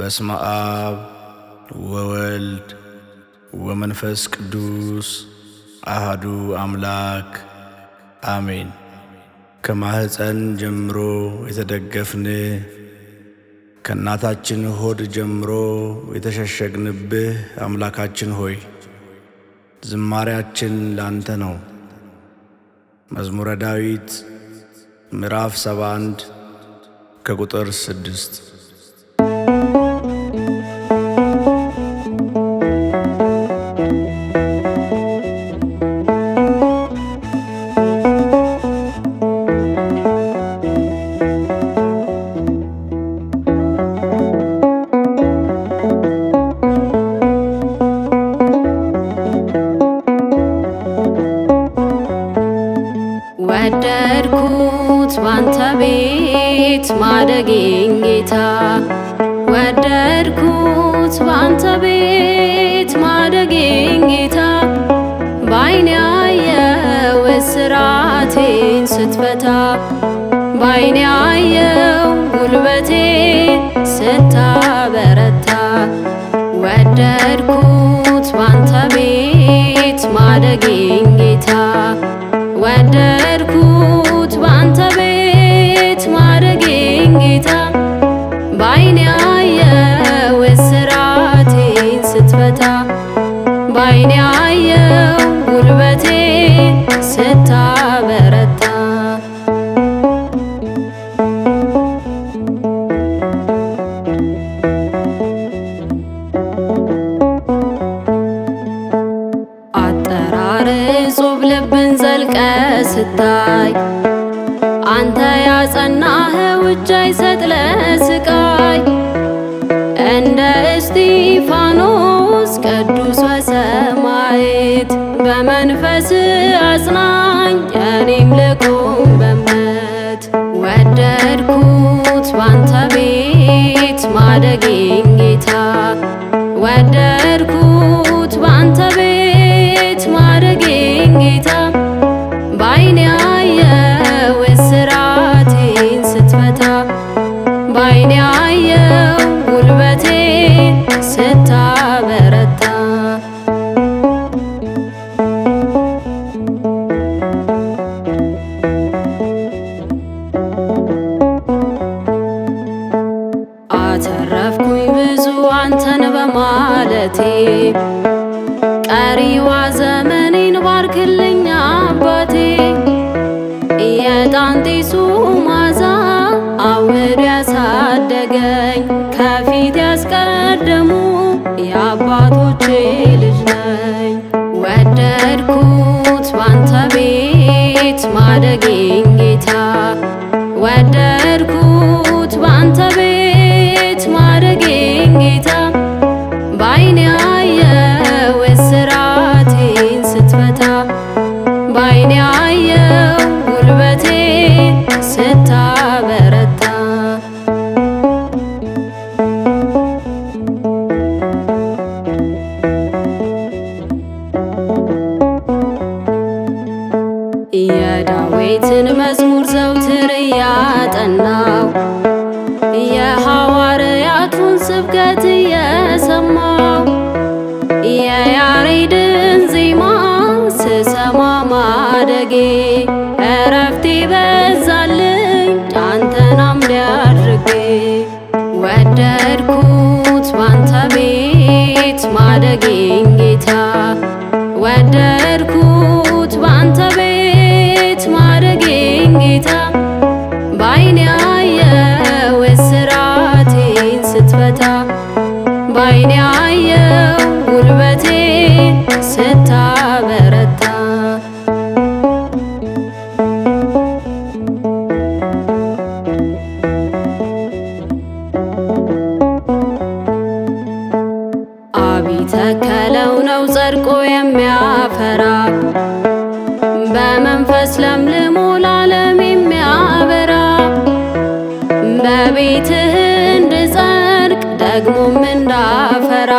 በስመ አብ ወወልድ ወመንፈስ ቅዱስ አሃዱ አምላክ አሜን። ከማኅፀን ጀምሮ የተደገፍን ከእናታችን ሆድ ጀምሮ የተሸሸግንብህ አምላካችን ሆይ ዝማሪያችን ላንተ ነው። መዝሙረ ዳዊት ምዕራፍ 71 ከቁጥር ስድስት ወደድኩት ባንተ ቤት ማደጌን ጌታ ወደድኩት ባንተ ቤት ማደጌን ጌታ ባይኔ ያየው እስራቴን ስትፈታ ባይኔ ያየው ጉልበቴ ስታበረታ ወደድኩት ባንተ ቤት ማደጌን ጌታ ወደድኩት ባንተ ቤት ውጃ ይሰጥ ለስቃይ እንደ እስጢፋኖስ ቅዱስ በሰማዕት በመንፈስ አጽናኝ እኔም ልቁም በእምነት ወደድኩት ባንተ ቤት ማደግ የአባቶ እያጠናው የሐዋርያቱን ስብከት እየሰማው የያሬድን ዜማ ስሰማ ማደጌ እረፍቴ በዛልኝ አንተን አምሌ አድርጌ ወደድኩት ባንተ ቤት ማደጌን ጌታ ወደድኩ ከለው ነው ጸድቆ የሚያፈራ በመንፈስ ለምልሞ ላለም የሚያበራ በቤትህ እንድጸድቅ ደግሞም እንዳፈራ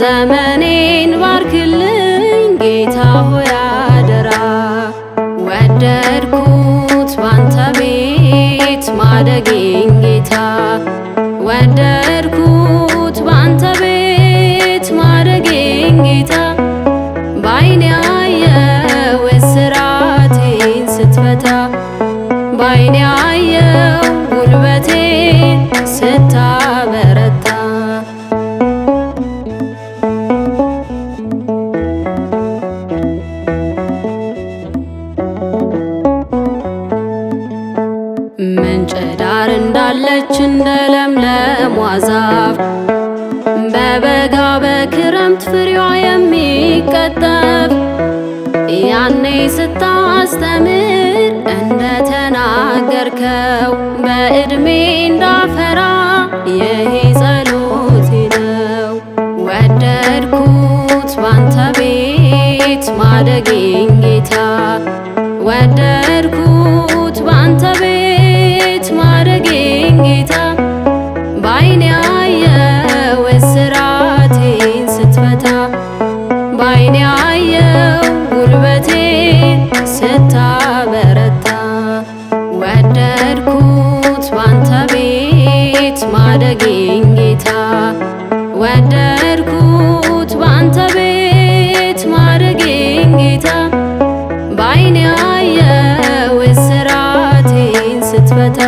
ዘመኔን ባርክልኝ ጌታ ሆይ አደራ። ወደድኩት ባንተ ቤት ማደጌን ጌታ ወደድኩት ባንተ ቤት ጌታ በአይን ያየው እስራቴን ስትፈታ በአይን ያየው ጉልበቴን ስታበረታ ምንጭ ዳር እንዳለች እንደ ለምለም ዛፍ በበጋ በክረምት ፍሬዋ የሚቀጠፍ ያኔ ስታስተምር እንደተናገርከው በእድሜ እንዳፈራ ይህ ጸሎቴ ነው። ወደድኩት ባንተ ቤት ማደጌን ጌታ ወደድኩት ባንተ ቤት ባይኔ አየው ጉልበቴ ስታበረታ ወደድኩት ባንተ ቤት ማደጌን ጌታ ወደድኩት ባንተ ቤት ማደጌን ጌታ ባይኔ አየው እስራቴን ስትፈታ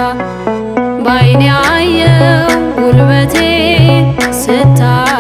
ባይኔ አየው ጉልበቴ ስታ